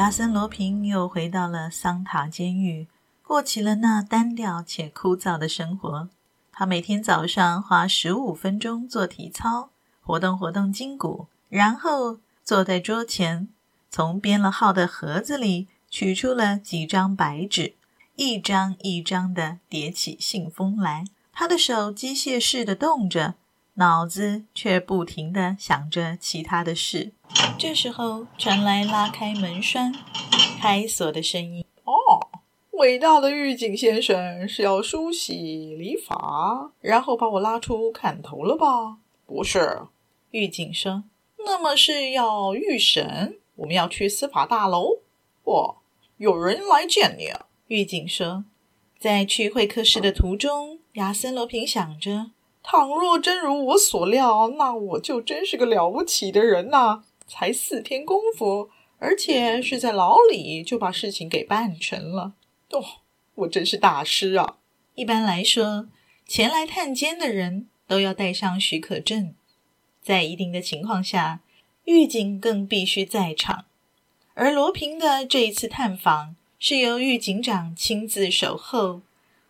亞森·羅蘋又回到了桑塔監獄，過起了那單調且枯燥的生活。他每天早上花十五分鐘做體操，活動活動筋骨，然後坐在桌前，從編了號的盒子裡取出了幾張白紙，一張一張地疊起信封來。他的手機械似的動着，腦子卻不停地想着其他的事。這時候傳來拉開門栓、開鎖的聲音。哦，偉大的獄警先生是要梳洗理髮，然後把我拉出砍頭了吧？不是，獄警說，那麼是要預審，我們要去司法大樓。哇，有人來見你，啊！獄警說。在去會客室的途中，亞、嗯、森羅蘋想着：倘若真如我所料，那我就真是個了不起的人吶、啊。才四天功夫，而且是在牢裡就把事情給辦成了。哦，我真是大師啊！一般來說，前來探監的人都要帶上許可證，在一定的情況下，獄警更必須在場。而羅平的這一次探訪是由獄警長親自守候。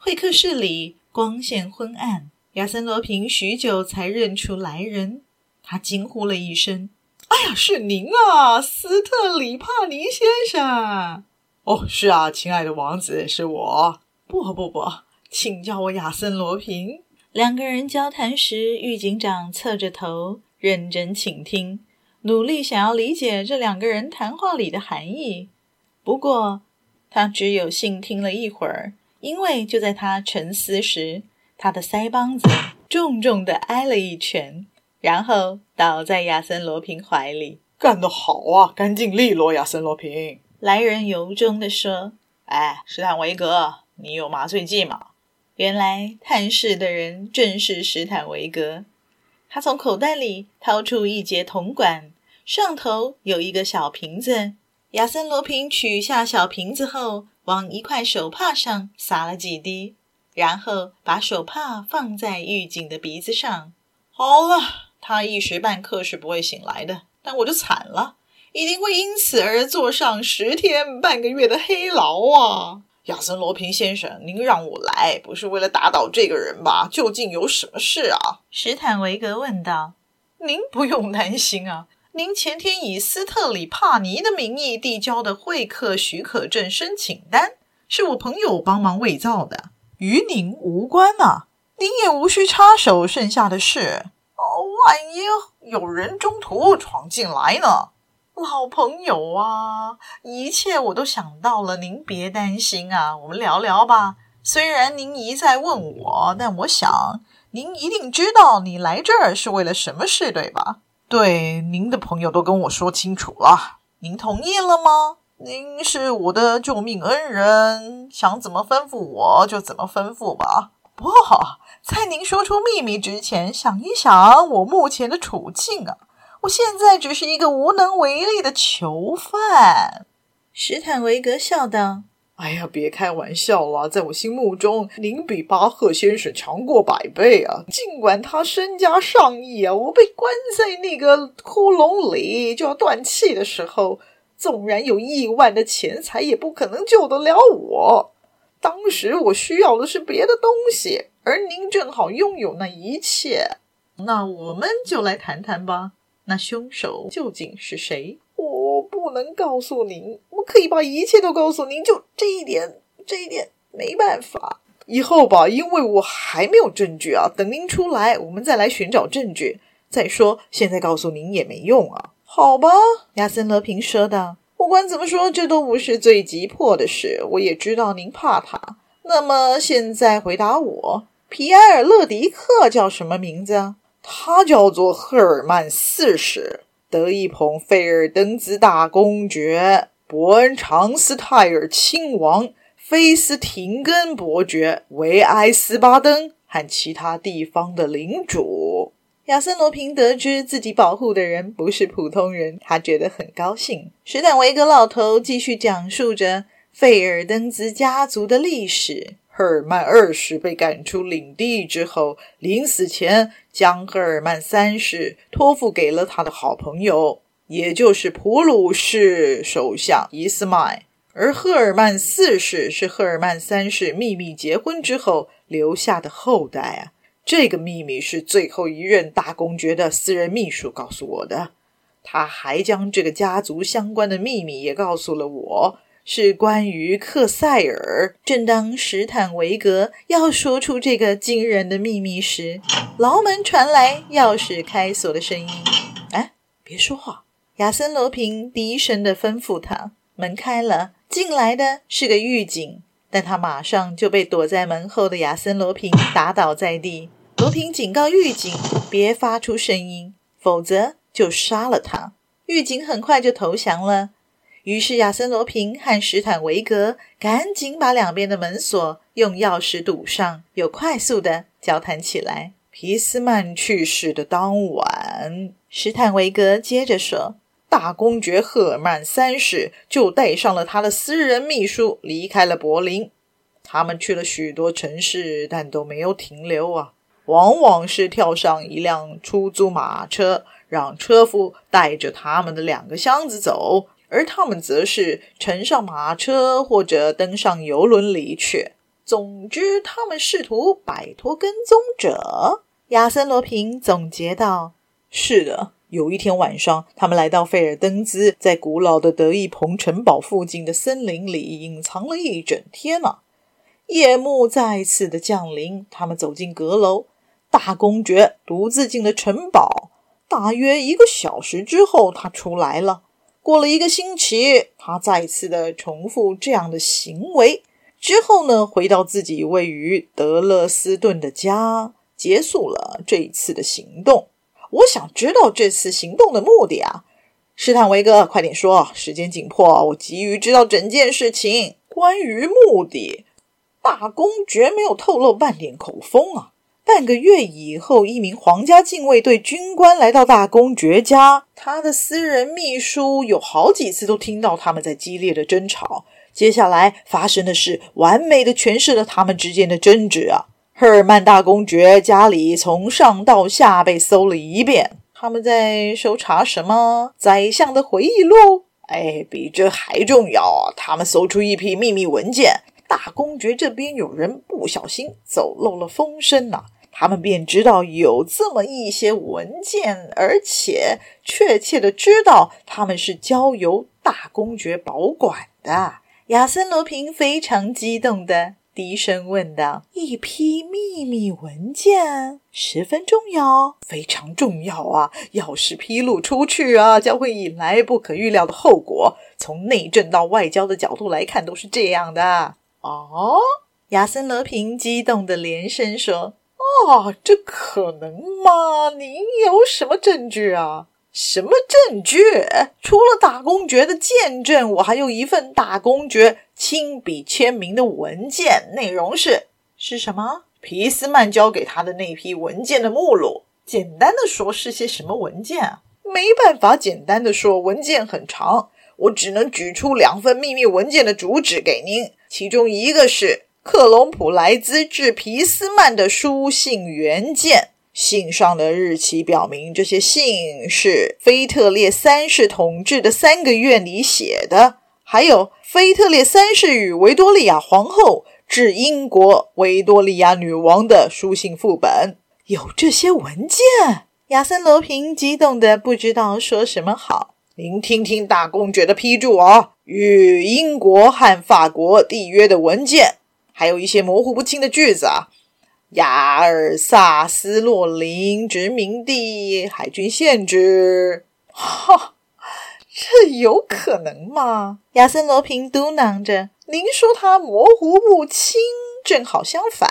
會客室裡光線昏暗，亞森·羅平許久才認出來人，他驚呼了一聲。哎呀，是您啊，斯特裡帕尼先生。哦，是啊，親愛的王子，是我。不不不，請叫我亞森·羅蘋。兩個人交談時，獄警長側着頭認真傾聽，努力想要理解這兩個人談話裡的含義。不過，他只有幸聽了一會兒，因為就在他沉思時，他的腮幫子重重的挨了一拳。然後倒在亞森羅平懷裡，幹得好啊，乾淨利落，亞森羅平。來人由衷地說：“哎，史坦維格，你有麻醉劑嗎？”原來探視的人正是史坦維格。他從口袋裡掏出一截銅管，上頭有一個小瓶子。亞森羅平取下小瓶子後，往一塊手帕上灑了幾滴，然後把手帕放在獄警的鼻子上。好了。他一時半刻是不會醒來的，但我就慘了，一定會因此而坐上十天半個月的黑牢啊！亞森·羅平先生，您讓我來，不是為了打倒這個人吧？究竟有什麼事啊？史坦維格問道。您不用擔心啊，您前天以斯特里帕尼的名義遞交的會客許可證申請單，是我朋友幫忙偽造的，與您無關吶啊，您也無需插手剩下的事。哦。萬一有人中途闖進來呢？老朋友啊，一切我都想到了，您別擔心啊。我們聊聊吧。雖然您一再問我，但我想您一定知道你來這兒是為了什麼事，對吧？對，您的朋友都跟我說清楚了。您同意了嗎？您是我的救命恩人，想怎麼吩咐我就怎麼吩咐吧。哇，在您說出秘密之前，想一想我目前的處境啊！我現在只是一個無能為力的囚犯。”史坦維格笑道。“哎呀，別開玩笑了，在我心目中，您比巴赫先生強過百倍啊！儘管他身家上億啊，我被關在那個窟窿裡，就要斷氣的時候，縱然有億萬的錢財，也不可能救得了我。”當時我需要的是別的東西，而您正好擁有那一切。那我們就來談談吧。那凶手究竟是誰？我不能告訴您。我可以把一切都告訴您，就這一點，這一點沒辦法。以後吧，因為我還沒有證據啊。等您出來，我們再來尋找證據。再說，現在告訴您也沒用啊。好吧，亞森·羅平說道。不管怎麼說，這都不是最急迫的事。我也知道您怕他。那麼現在回答我，皮埃爾·勒迪克叫什麼名字啊？他叫做赫爾曼四世，德意蓬費爾登茲大公爵，伯恩常斯泰爾親王，菲斯廷根伯爵，維埃斯巴登和其他地方的領主。亞森·羅蘋得知自己保護的人不是普通人，他覺得很高興。史坦維格老頭繼續講述着費爾登茲家族的歷史。赫爾曼二世被趕出領地之後，臨死前將赫爾曼三世托付給了他的好朋友，也就是普魯士首相伊斯麥。而赫爾曼四世是赫爾曼三世秘密結婚之後留下的後代啊。這個祕密是最後一任大公爵的私人祕書告訴我的。他還將這個家族相關的祕密也告訴了我，是關於克塞爾。正當史坦維格要說出這個驚人的祕密時，牢門傳來鑰匙開鎖的聲音。哎、啊，別說話，亞森·羅平低聲地吩咐他。門開了，進來的是個獄警。但他馬上就被躲在門後的亞森·羅平打倒在地。羅平警告獄警別發出聲音，否則就殺了他。獄警很快就投降了。於是亞森·羅平和史坦維格趕緊把兩邊的門鎖用鑰匙堵上，又快速地交談起來。皮斯曼去世的當晚，史坦維格接着說。大公爵赫爾曼三世就帶上了他的私人秘書離開了柏林。他們去了許多城市，但都沒有停留啊，往往是跳上一輛出租馬車，讓車夫帶着他們的兩個箱子走，而他們則是乘上馬車或者登上遊輪離去。總之，他們試圖擺脫跟蹤者。亞森羅平總結道：“是的。”有一天晚上，他們來到費爾登茲，在古老的德意蓬城堡附近的森林裡隱藏了一整天了啊。夜幕再次的降臨，他們走進閣樓。大公爵獨自進了城堡。大約一個小時之後，他出來了。過了一個星期，他再次的重複這樣的行為。之後呢，回到自己位於德勒斯頓的家，結束了這一次的行動。我想知道這次行動的目的啊。試探維哥，快點說，時間緊迫，我急於知道整件事情。關於目的，大公爵沒有透露半點口風啊。半個月以後，一名皇家禁衛隊軍官來到大公爵家，他的私人秘書有好幾次都聽到他們在激烈的爭吵。接下來發生的事，完美的詮釋了他們之間的爭執啊。赫爾曼大公爵家裡從上到下被搜了一遍，他們在搜查什麼？宰相的回憶錄？哎，比這還重要！他們搜出一批秘密文件，大公爵這邊有人不小心走漏了風聲呢，他們便知道有這麼一些文件，而且確切的知道他們是交由大公爵保管的。亞森羅平非常激動的。醫生問道：“一批秘密文件十分重要，非常重要啊！要是披露出去啊，將會引來不可預料的後果。從內政到外交的角度來看，都是這樣的。”哦，亞森·羅蘋激動地連聲說：“啊、哦，這可能嗎？您有什麼證據啊？什麼證據？除了大公爵的見證，我還有一份大公爵。”親筆簽名的文件內容是是什麼？皮斯曼交給他的那批文件的目錄，簡單的說是些什麼文件啊？沒辦法，簡單的說，文件很長，我只能舉出兩份秘密文件的主旨給您。其中一個是克隆普萊茲致皮斯曼的書信原件，信上的日期表明這些信是腓特烈三世統治的三個月裡寫的。還有腓特烈三世與維多利亞皇后致英國維多利亞女王的書信副本，有這些文件。亞森羅平激動得不知道說什麼好。您聽聽大公爵的批注啊，與英國和法國締約的文件，還有一些模糊不清的句子啊。亞爾薩斯洛林、殖民地、海軍限制，哈。這有可能嗎？亞森羅平嘟囔着：“您說他模糊不清，正好相反。”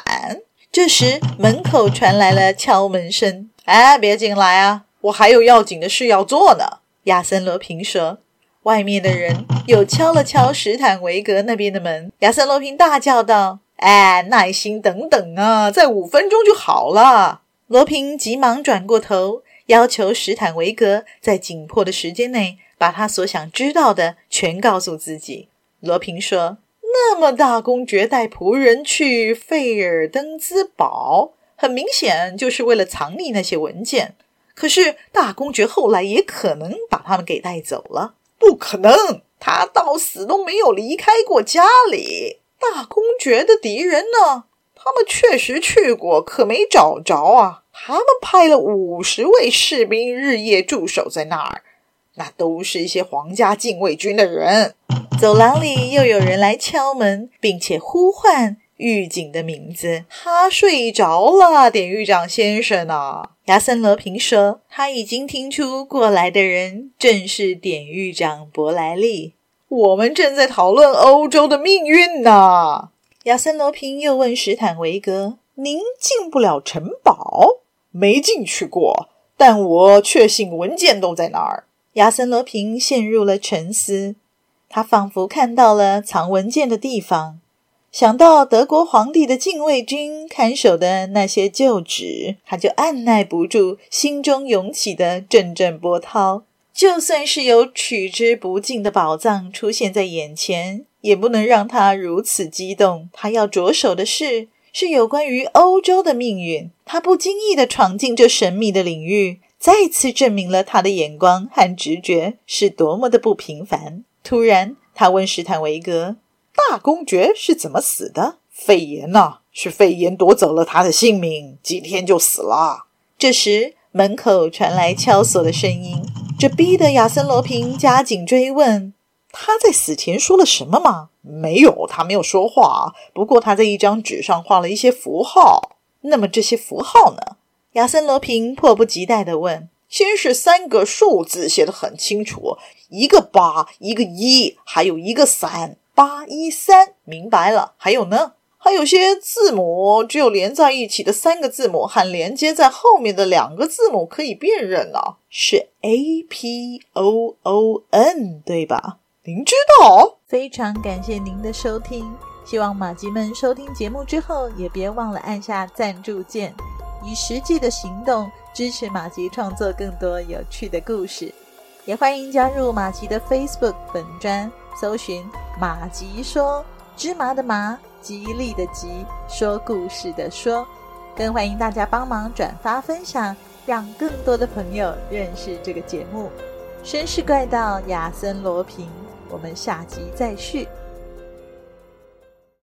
這時，門口傳來了敲門聲。“哎，別進來啊，我還有要緊的事要做呢。”亞森羅平說。外面的人又敲了敲史坦維格那邊的門。亞森羅平大叫道：“哎，耐心等等啊，再五分鐘就好了。”羅平急忙轉過頭。要求史坦維格在緊迫的時間內把他所想知道的全告訴自己。羅平說：“那麼大公爵帶僕人去費爾登茲堡，很明顯就是為了藏匿那些文件。可是大公爵後來也可能把他們給帶走了。不可能，他到死都沒有離開過家裡。大公爵的敵人呢？他們確實去過，可沒找着啊。”他們派了五十位士兵日夜駐守在那兒，那都是一些皇家禁衛軍的人。走廊裡又有人來敲門，並且呼喚獄警的名字。他睡着了，典獄長先生呢？亞森羅平說：“他已經聽出過來的人正是典獄長伯萊利。我們正在討論歐洲的命運呢。”亞森羅平又問史坦維格：“您進不了城堡？”沒進去過，但我確信文件都在那兒。亞森·羅平陷入了沉思，他仿佛看到了藏文件的地方。想到德國皇帝的禁衛軍看守的那些舊址，他就按捺不住心中湧起的陣陣波濤。就算是有取之不盡的寶藏出現在眼前，也不能讓他如此激動。他要着手的是。是有關於歐洲的命運。他不經意地闖進這神秘的領域，再次證明了他的眼光和直覺是多麼的不平凡。突然，他問史坦維格：“大公爵是怎麼死的？肺炎吶、啊，是肺炎奪走了他的性命，幾天就死了。”這時，門口傳來敲鎖的聲音，這逼得亞森·羅平加緊追問：“他在死前說了什麼嗎？”沒有，他沒有說話。不過他在一張紙上畫了一些符號。那麼這些符號呢？亞森羅平迫不及待地問：“先是三個數字，寫得很清楚，一個八，一個一，還有一個三，八一三，明白了。還有呢？還有些字母，只有連在一起的三個字母和連接在後面的兩個字母可以辨認呢、啊，是 A P O O N，對吧？”您知道，非常感謝您的收聽。希望馬吉們收聽節目之後，也別忘了按下贊助鍵，以實際的行動支持馬吉創作更多有趣的故事。也歡迎加入馬吉的 Facebook 粉專，搜尋“馬吉說芝麻的麻吉利的吉說故事的說”，更歡迎大家幫忙轉發分享，讓更多的朋友認識這個節目。紳士怪盜亞森羅平。我們下集再續。